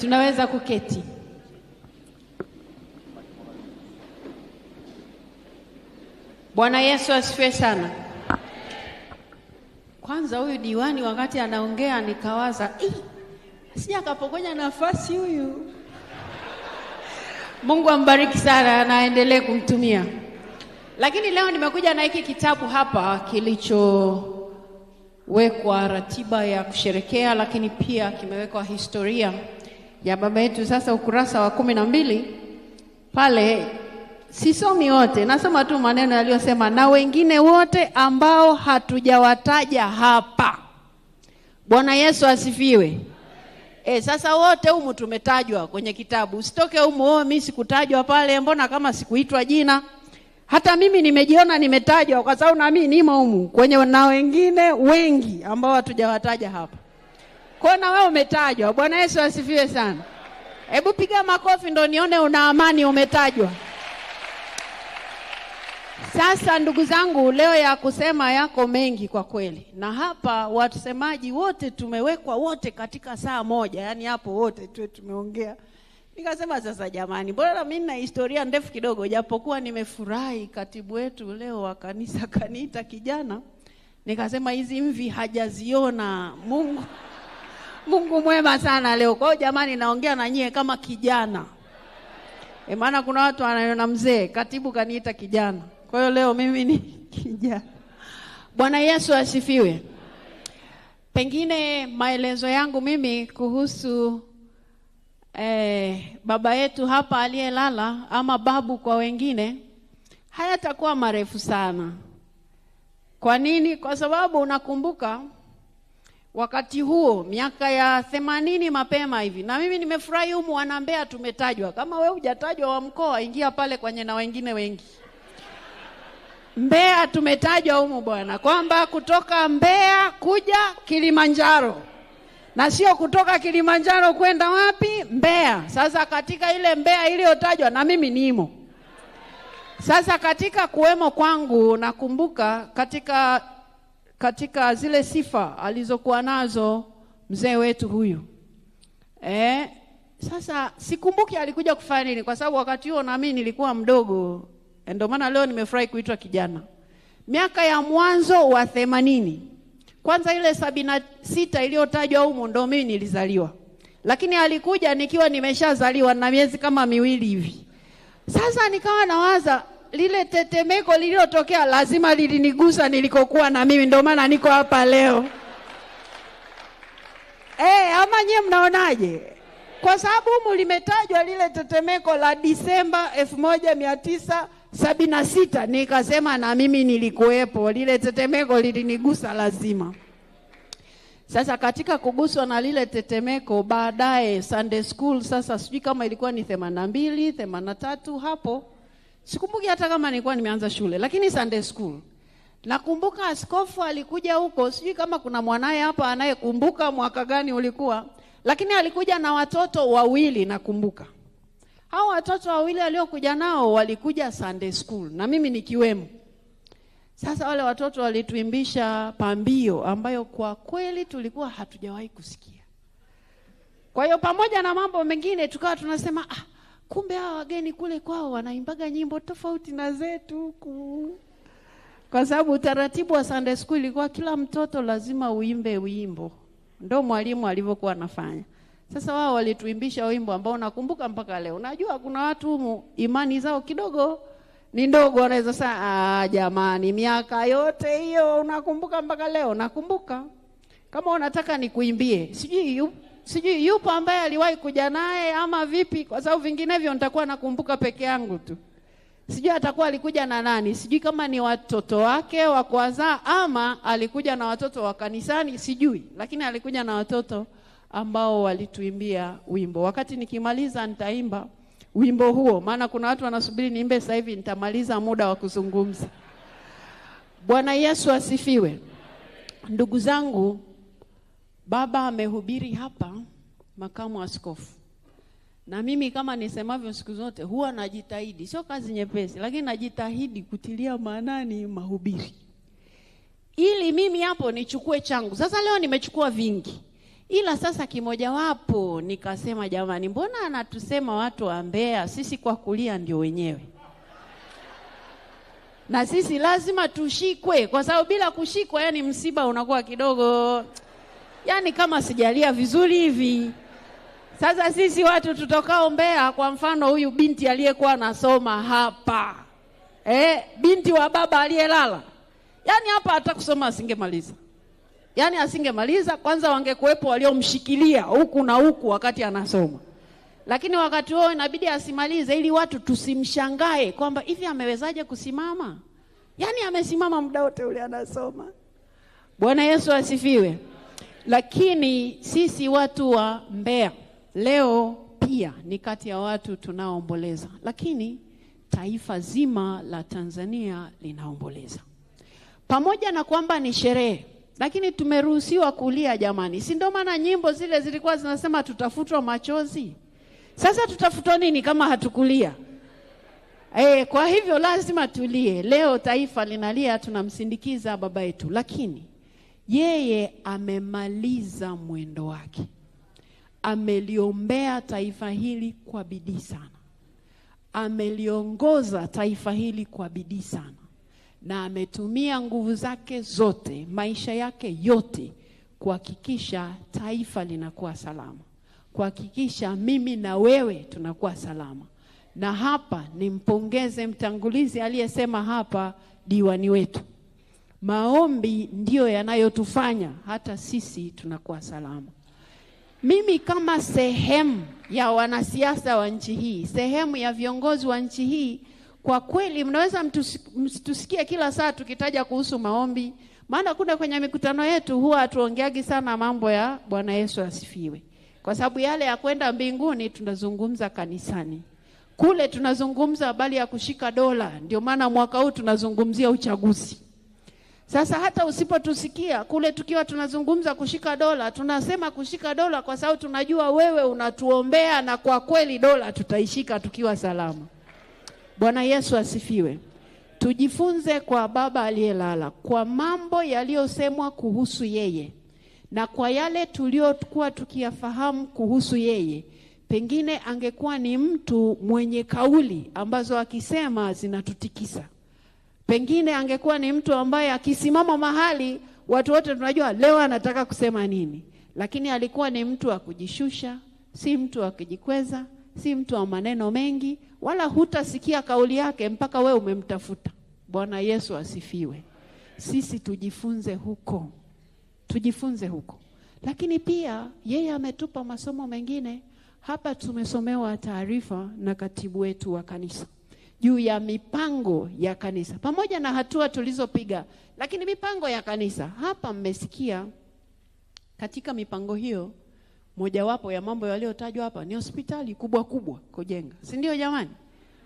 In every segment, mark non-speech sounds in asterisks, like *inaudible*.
Tunaweza kuketi. Bwana Yesu asifiwe sana. Kwanza huyu diwani wakati anaongea nikawaza, sija akapokonya nafasi huyu. Mungu ambariki sana, anaendelee kumtumia. Lakini leo nimekuja na hiki kitabu hapa kilichowekwa ratiba ya kusherekea, lakini pia kimewekwa historia ya Baba Yetu, sasa ukurasa wa kumi na mbili pale sisomi wote, nasoma tu maneno yaliyosema na wengine wote ambao hatujawataja hapa. Bwana Yesu asifiwe. E, sasa wote humu tumetajwa kwenye kitabu. Usitoke humu wewe, oh, mimi sikutajwa pale, mbona kama sikuitwa jina? Hata mimi nimejiona nimetajwa, kwa sababu nami nimo humu kwenye na wengine wengi ambao hatujawataja hapa. Kwa na wewe umetajwa. Bwana Yesu asifiwe sana. Hebu piga makofi ndo nione una amani, umetajwa. Sasa ndugu zangu, leo ya kusema yako mengi kwa kweli, na hapa wasemaji wote tumewekwa wote katika saa moja, yaani hapo wote tuwe tumeongea. Nikasema sasa, jamani, mbona mimi na historia ndefu kidogo, japokuwa nimefurahi katibu wetu leo wa kanisa kaniita kijana, nikasema hizi mvi hajaziona Mungu Mungu mwema sana leo. Kwa hiyo jamani, naongea na nyie kama kijana e, maana kuna watu wananiona mzee, katibu kaniita kijana. Kwa hiyo leo mimi ni *laughs* kijana. Bwana Yesu asifiwe. Pengine maelezo yangu mimi kuhusu eh, baba yetu hapa aliyelala ama babu kwa wengine hayatakuwa marefu sana. Kwa nini? Kwa sababu unakumbuka wakati huo miaka ya themanini mapema hivi, na mimi nimefurahi humu wanambea tumetajwa. Kama we hujatajwa wa mkoa, ingia pale kwenye na wengine wengi mbea tumetajwa humu bwana, kwamba kutoka mbea kuja Kilimanjaro na sio kutoka Kilimanjaro kwenda wapi? mbea Sasa katika ile mbea iliyotajwa na mimi nimo. Sasa katika kuwemo kwangu, nakumbuka katika katika zile sifa alizokuwa nazo mzee wetu huyu eh, sasa sikumbuki alikuja kufanya nini, kwa sababu wakati huo nami nilikuwa mdogo. E, ndio maana leo nimefurahi kuitwa kijana. Miaka ya mwanzo wa themanini, kwanza ile sabini na sita iliyotajwa humu ndio mimi nilizaliwa, lakini alikuja nikiwa nimeshazaliwa na miezi kama miwili hivi. Sasa nikawa nawaza lile tetemeko lililotokea lazima lilinigusa nilikokuwa na mimi, ndio maana niko hapa leo. Hey, eh, ama nyie mnaonaje? Kwa sababu humu limetajwa lile tetemeko la Disemba 1976 nikasema na mimi nilikuwepo, lile tetemeko lilinigusa lazima. Sasa katika kuguswa na lile tetemeko, baadaye Sunday school, sasa sijui kama ilikuwa ni 82 83 hapo Sikumbuki hata kama nilikuwa nimeanza shule, lakini Sunday school nakumbuka askofu alikuja huko, sijui kama kuna mwanaye hapa anayekumbuka mwaka gani ulikuwa, lakini alikuja na watoto wawili. Nakumbuka hao watoto wawili aliokuja nao walikuja Sunday school na mimi nikiwemo. Sasa wale watoto walituimbisha pambio ambayo kwa kweli tulikuwa hatujawahi kusikia. Kwa hiyo pamoja na mambo mengine tukawa tunasema ah, Kumbe hawa wageni kule kwao wanaimbaga nyimbo tofauti na zetu huku, kwa sababu utaratibu wa Sunday school ilikuwa kila mtoto lazima uimbe wimbo, ndo mwalimu alivyokuwa anafanya. Sasa wao walituimbisha wimbo ambao nakumbuka mpaka leo. Unajua kuna watu humu imani zao kidogo ni ndogo, wanaweza saa, ah, jamani, miaka yote hiyo unakumbuka mpaka leo? Nakumbuka. Kama unataka nikuimbie, sijui sijui yupo ambaye aliwahi kuja naye ama vipi, kwa sababu vinginevyo nitakuwa nakumbuka peke yangu tu. Sijui atakuwa alikuja na nani, sijui kama ni watoto wake wa kuwazaa ama alikuja na watoto wa kanisani, sijui, lakini alikuja na watoto ambao walituimbia wimbo. Wakati nikimaliza nitaimba wimbo huo, maana kuna watu wanasubiri niimbe sasa hivi, nitamaliza muda wa kuzungumza. Bwana Yesu asifiwe. Ndugu zangu, baba amehubiri hapa makamu askofu, na mimi kama nisemavyo siku zote huwa najitahidi, sio kazi nyepesi, lakini najitahidi kutilia maanani mahubiri ili mimi hapo nichukue changu. Sasa leo nimechukua vingi, ila sasa kimojawapo nikasema, jamani, mbona anatusema watu wa Mbeya, sisi kwa kulia ndio wenyewe na sisi lazima tushikwe, kwa sababu bila kushikwa, yani msiba unakuwa kidogo, yani kama sijalia vizuri hivi. Sasa sisi watu tutokao Mbeya, kwa mfano huyu binti aliyekuwa anasoma hapa eh, binti wa baba aliyelala, yaani hapa hata kusoma asingemaliza, yaani asingemaliza. Kwanza wangekuwepo waliomshikilia huku na huku wakati anasoma, lakini wakati huo inabidi asimalize, ili watu tusimshangae kwamba hivi amewezaje kusimama. Yaani amesimama muda wote ule anasoma. Bwana Yesu asifiwe. Lakini sisi watu wa Mbeya leo pia ni kati ya watu tunaoomboleza, lakini taifa zima la Tanzania linaomboleza. Pamoja na kwamba ni sherehe, lakini tumeruhusiwa kulia jamani, si ndio? Maana nyimbo zile zilikuwa zinasema tutafutwa machozi. Sasa tutafutwa nini kama hatukulia? E, kwa hivyo lazima tulie. Leo taifa linalia, tunamsindikiza baba yetu, lakini yeye amemaliza mwendo wake ameliombea taifa hili kwa bidii sana, ameliongoza taifa hili kwa bidii sana, na ametumia nguvu zake zote, maisha yake yote kuhakikisha taifa linakuwa salama, kuhakikisha mimi na wewe tunakuwa salama. Na hapa nimpongeze mtangulizi aliyesema hapa, diwani wetu, maombi ndiyo yanayotufanya hata sisi tunakuwa salama. Mimi kama sehemu ya wanasiasa wa nchi hii, sehemu ya viongozi wa nchi hii, kwa kweli mnaweza mtusikie kila saa tukitaja kuhusu maombi, maana kuna kwenye mikutano yetu huwa hatuongeagi sana mambo ya Bwana Yesu asifiwe, kwa sababu yale ya kwenda mbinguni tunazungumza kanisani kule tunazungumza habari ya kushika dola. Ndio maana mwaka huu tunazungumzia uchaguzi. Sasa hata usipotusikia kule tukiwa tunazungumza kushika dola, tunasema kushika dola kwa sababu tunajua wewe unatuombea, na kwa kweli dola tutaishika tukiwa salama. Bwana Yesu asifiwe. Tujifunze kwa baba aliyelala, kwa mambo yaliyosemwa kuhusu yeye na kwa yale tuliyokuwa tukiyafahamu kuhusu yeye. Pengine angekuwa ni mtu mwenye kauli ambazo akisema zinatutikisa. Pengine angekuwa ni mtu ambaye akisimama mahali watu wote tunajua leo anataka kusema nini, lakini alikuwa ni mtu wa kujishusha, si mtu wa kujikweza, si mtu wa maneno mengi, wala hutasikia kauli yake mpaka we umemtafuta. Bwana Yesu asifiwe. Sisi tujifunze huko, tujifunze huko. Lakini pia yeye ametupa masomo mengine hapa. Tumesomewa taarifa na katibu wetu wa kanisa juu ya mipango ya kanisa pamoja na hatua tulizopiga, lakini mipango ya kanisa hapa mmesikia, katika mipango hiyo mojawapo ya mambo yaliyotajwa hapa ni hospitali kubwa kubwa kujenga, si ndio jamani?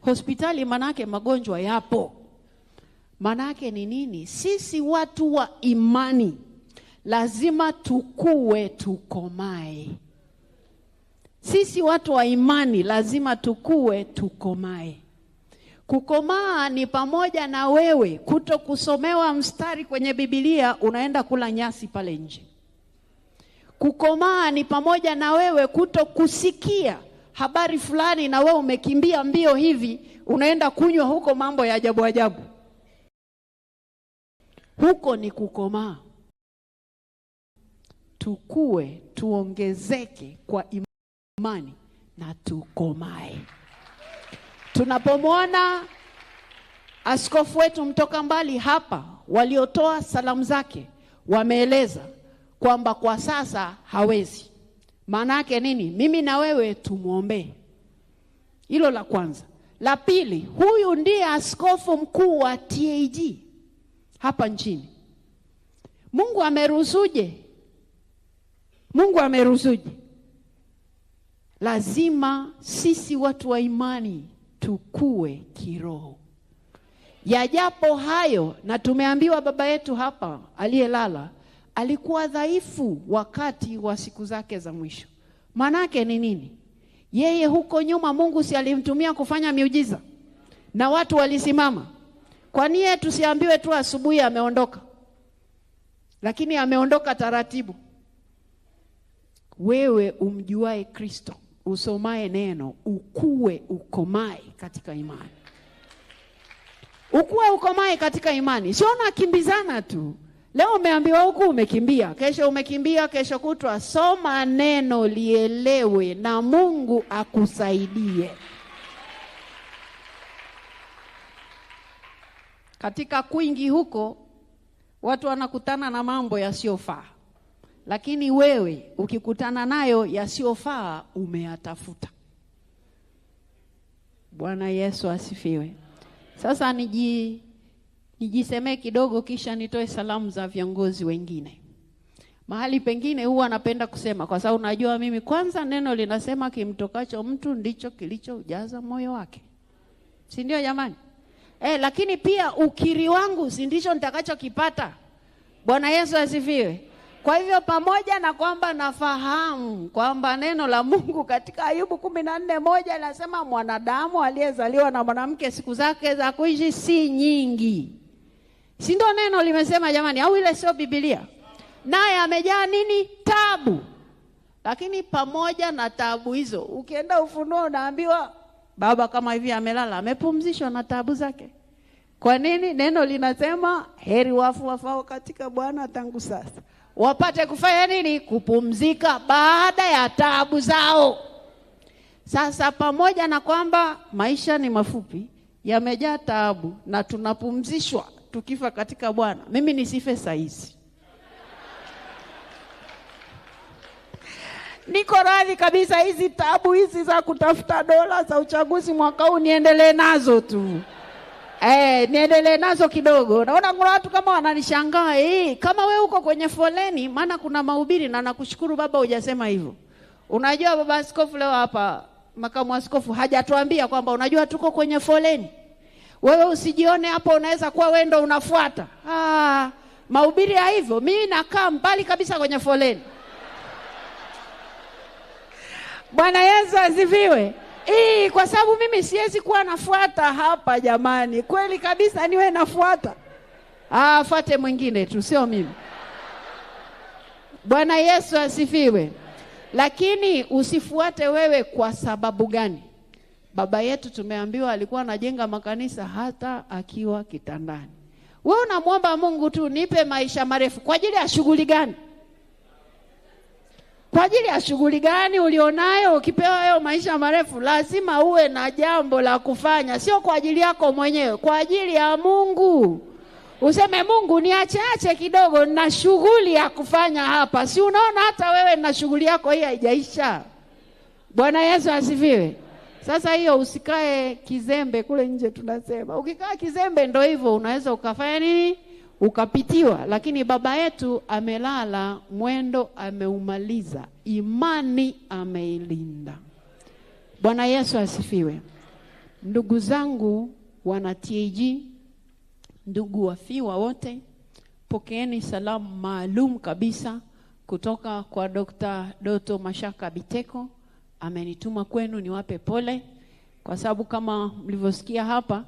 Hospitali manake magonjwa yapo. Manake ni nini? Sisi watu wa imani lazima tukue, tukomae. Sisi watu wa imani lazima tukue, tukomae. Kukomaa ni pamoja na wewe kuto kusomewa mstari kwenye Biblia, unaenda kula nyasi pale nje. Kukomaa ni pamoja na wewe kuto kusikia habari fulani na wewe umekimbia mbio hivi, unaenda kunywa huko mambo ya ajabu ajabu. Huko ni kukomaa. Tukue, tuongezeke kwa imani na tukomae. Tunapomwona askofu wetu mtoka mbali hapa, waliotoa salamu zake wameeleza kwamba kwa sasa hawezi. Maana yake nini? Mimi na wewe tumwombee. Hilo la kwanza. La pili, huyu ndiye askofu mkuu wa TAG hapa nchini. Mungu ameruhusuje? Mungu ameruhusuje? Lazima sisi watu wa imani tukue kiroho. Yajapo hayo, na tumeambiwa baba yetu hapa aliyelala alikuwa dhaifu wakati wa siku zake za mwisho. Manake ni nini? Yeye huko nyuma Mungu si alimtumia kufanya miujiza na watu walisimama. Kwa nini tusiambiwe tu asubuhi ameondoka? Lakini ameondoka taratibu. Wewe umjuae Kristo usomaye neno ukue ukomae katika imani, ukue ukomae katika imani. Sio nakimbizana tu, leo umeambiwa huku umekimbia, kesho umekimbia, kesho kutwa. Soma neno lielewe, na Mungu akusaidie katika kwingi huko. Watu wanakutana na mambo yasiyofaa lakini wewe ukikutana nayo yasiyofaa umeyatafuta. Bwana Yesu asifiwe. Sasa niji nijisemee kidogo, kisha nitoe salamu za viongozi wengine. Mahali pengine huwa napenda kusema, kwa sababu najua mimi kwanza, neno linasema kimtokacho mtu ndicho kilichoujaza moyo wake, si ndio jamani? Eh, lakini pia ukiri wangu si ndicho nitakachokipata. Bwana Yesu asifiwe. Kwa hivyo pamoja na kwamba nafahamu kwamba neno la Mungu katika Ayubu kumi na nne moja linasema mwanadamu aliyezaliwa na mwanamke siku zake za kuishi si nyingi, si ndio neno limesema jamani? Au ile sio Biblia? Naye amejaa nini? Tabu. Lakini pamoja na tabu hizo, ukienda Ufunuo unaambiwa baba kama hivi amelala, amepumzishwa na tabu zake. Kwa nini? Neno linasema heri wafu wafao katika Bwana tangu sasa wapate kufanya nini? Kupumzika baada ya taabu zao. Sasa pamoja na kwamba maisha ni mafupi, yamejaa taabu na tunapumzishwa tukifa katika Bwana. Mimi nisife saa hizi, *laughs* niko radhi kabisa, hizi taabu hizi za kutafuta dola za uchaguzi mwaka huu niendelee nazo tu. Eh, niendelee nazo kidogo. Naona kuna watu kama wananishangaa eh, kama we uko kwenye foleni, maana kuna mahubiri, na nakushukuru baba hujasema hivyo. Unajua baba askofu leo hapa, makamu askofu hajatuambia kwamba unajua tuko kwenye foleni. Wewe usijione hapo unaweza kuwa wewe ndo unafuata. Ah, mahubiri ya hivyo, mimi nakaa mbali kabisa kwenye foleni. Bwana Yesu asifiwe. Hii, eh, kwa sababu mimi siwezi kuwa nafuata hapa jamani, kweli kabisa, niwe nafuata ah, fuate mwingine tu, sio mimi. Bwana Yesu asifiwe. Lakini usifuate wewe, kwa sababu gani? Baba yetu tumeambiwa alikuwa anajenga makanisa hata akiwa kitandani. Wewe unamwomba Mungu tu, nipe maisha marefu, kwa ajili ya shughuli gani? Kwa ajili ya shughuli gani ulionayo? Ukipewa hayo maisha marefu, lazima uwe na jambo la kufanya, sio kwa ajili yako mwenyewe, kwa ajili ya Mungu. Useme Mungu, niacheache kidogo na shughuli ya kufanya hapa. Si unaona hata wewe na shughuli yako hii haijaisha. Bwana Yesu asifiwe. Sasa hiyo usikae kizembe kule nje tunasema. Ukikaa kizembe ndo hivyo unaweza ukafanya nini? ukapitiwa, lakini baba yetu amelala, mwendo ameumaliza, imani ameilinda. Bwana Yesu asifiwe. Ndugu zangu wana TAG, ndugu wafiwa wote, pokeeni salamu maalum kabisa kutoka kwa Dr. Doto Mashaka Biteko. Amenituma kwenu niwape pole, kwa sababu kama mlivyosikia hapa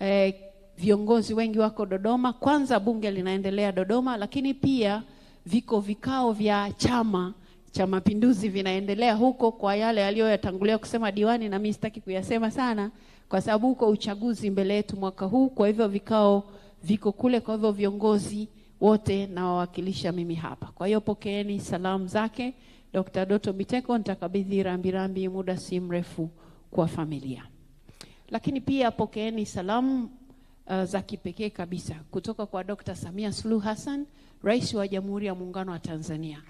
eh, viongozi wengi wako Dodoma. Kwanza bunge linaendelea Dodoma, lakini pia viko vikao vya Chama cha Mapinduzi vinaendelea huko, kwa yale aliyoyatangulia kusema diwani, na mimi sitaki kuyasema sana kwa sababu huko uchaguzi mbele yetu mwaka huu. Kwa hivyo vikao viko kule, kwa hivyo viongozi wote nawawakilisha mimi hapa. Kwa hiyo pokeeni salamu zake Dr. Doto Biteko, nitakabidhi rambirambi muda si mrefu kwa familia, lakini pia pokeeni salamu uh, za kipekee kabisa kutoka kwa Dr. Samia Suluhu Hassan, Rais wa Jamhuri ya Muungano wa Tanzania.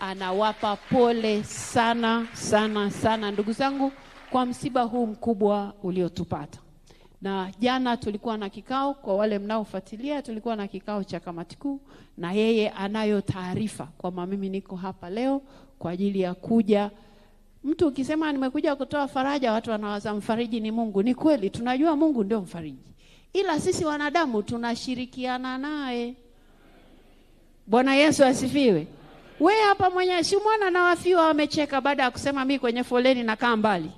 Anawapa pole sana sana sana ndugu zangu kwa msiba huu mkubwa uliotupata. Na jana tulikuwa na kikao, kwa wale mnaofuatilia, tulikuwa na kikao cha kamati kuu, na yeye anayo taarifa kwamba mimi niko hapa leo kwa ajili ya kuja. Mtu ukisema nimekuja kutoa faraja, watu wanawaza mfariji ni Mungu. Ni kweli, tunajua Mungu ndio mfariji ila sisi wanadamu tunashirikiana naye. Bwana Yesu asifiwe. We hapa mwenyewe si mwana na wafiwa wamecheka baada ya kusema mi kwenye foleni nakaa mbali,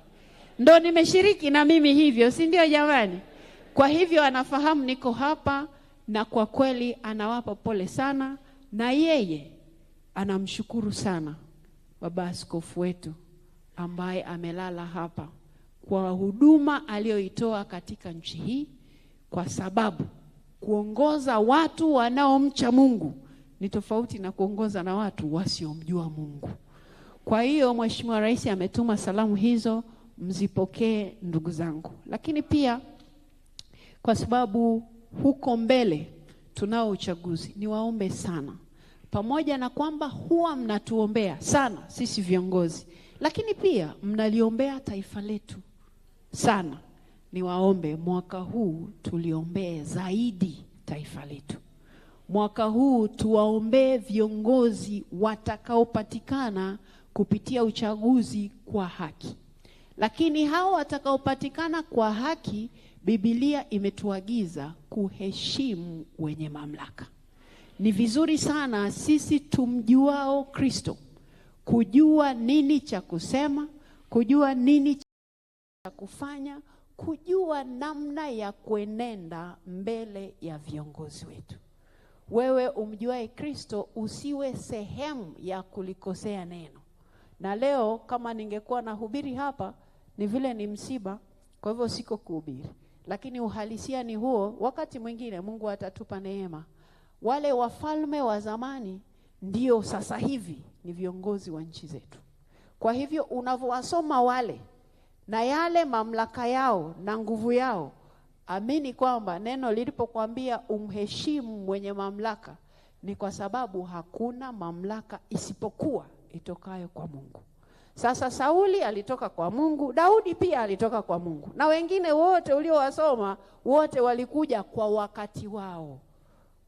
ndo nimeshiriki na mimi hivyo, si ndio jamani? Kwa hivyo anafahamu niko hapa, na kwa kweli anawapa pole sana, na yeye anamshukuru sana baba askofu wetu ambaye amelala hapa kwa huduma aliyoitoa katika nchi hii kwa sababu kuongoza watu wanaomcha Mungu ni tofauti na kuongoza na watu wasiomjua Mungu. Kwa hiyo Mheshimiwa Rais ametuma salamu hizo, mzipokee ndugu zangu. Lakini pia kwa sababu huko mbele tunao uchaguzi, niwaombe sana, pamoja na kwamba huwa mnatuombea sana sisi viongozi, lakini pia mnaliombea taifa letu sana niwaombe mwaka huu tuliombee zaidi taifa letu. Mwaka huu tuwaombee viongozi watakaopatikana kupitia uchaguzi kwa haki, lakini hao watakaopatikana kwa haki, Biblia imetuagiza kuheshimu wenye mamlaka. Ni vizuri sana sisi tumjuao Kristo kujua nini cha kusema, kujua nini cha kufanya kujua namna ya kuenenda mbele ya viongozi wetu. Wewe umjuae Kristo usiwe sehemu ya kulikosea neno. Na leo kama ningekuwa nahubiri hapa, ni vile ni msiba, kwa hivyo siko kuhubiri, lakini uhalisia ni huo. Wakati mwingine Mungu atatupa neema. Wale wafalme wa zamani ndio sasa hivi ni viongozi wa nchi zetu. Kwa hivyo unavyowasoma wale na yale mamlaka yao na nguvu yao. Amini kwamba neno lilipokuambia umheshimu mwenye mamlaka, ni kwa sababu hakuna mamlaka isipokuwa itokayo kwa Mungu. Sasa Sauli alitoka kwa Mungu, Daudi pia alitoka kwa Mungu, na wengine wote uliowasoma wote walikuja kwa wakati wao.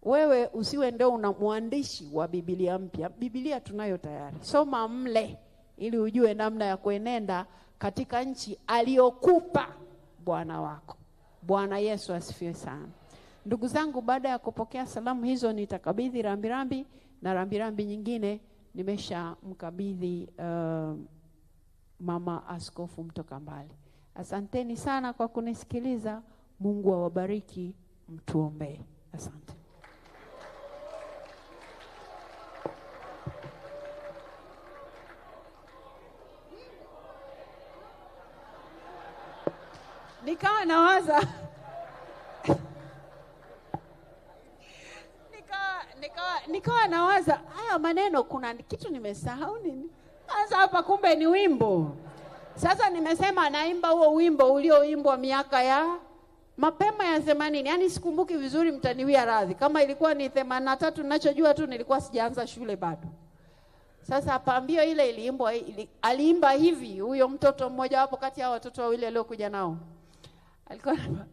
Wewe usiwe ndio una mwandishi wa Biblia mpya. Biblia tunayo tayari, soma mle ili ujue namna ya kuenenda katika nchi aliyokupa Bwana wako. Bwana Yesu asifiwe sana. Ndugu zangu, baada ya kupokea salamu hizo, nitakabidhi rambirambi na rambirambi nyingine nimeshamkabidhi uh, mama askofu mtoka mbali. Asanteni sana kwa kunisikiliza. Mungu awabariki, mtuombee. Asante. nikawa nawaza nikawa nikawa nikawa nawaza haya maneno, kuna kitu nimesahau nini? Sasa hapa kumbe ni wimbo. Sasa nimesema naimba huo wimbo ulioimbwa miaka ya mapema ya themanini, yaani sikumbuki vizuri, mtaniwia radhi kama ilikuwa ni themanini na tatu. Ninachojua tu nilikuwa sijaanza shule bado. Sasa pambio ile iliimbwa ili, aliimba hivi huyo mtoto mmoja wapo kati ya watoto wawili aliokuja nao. al cuerpo.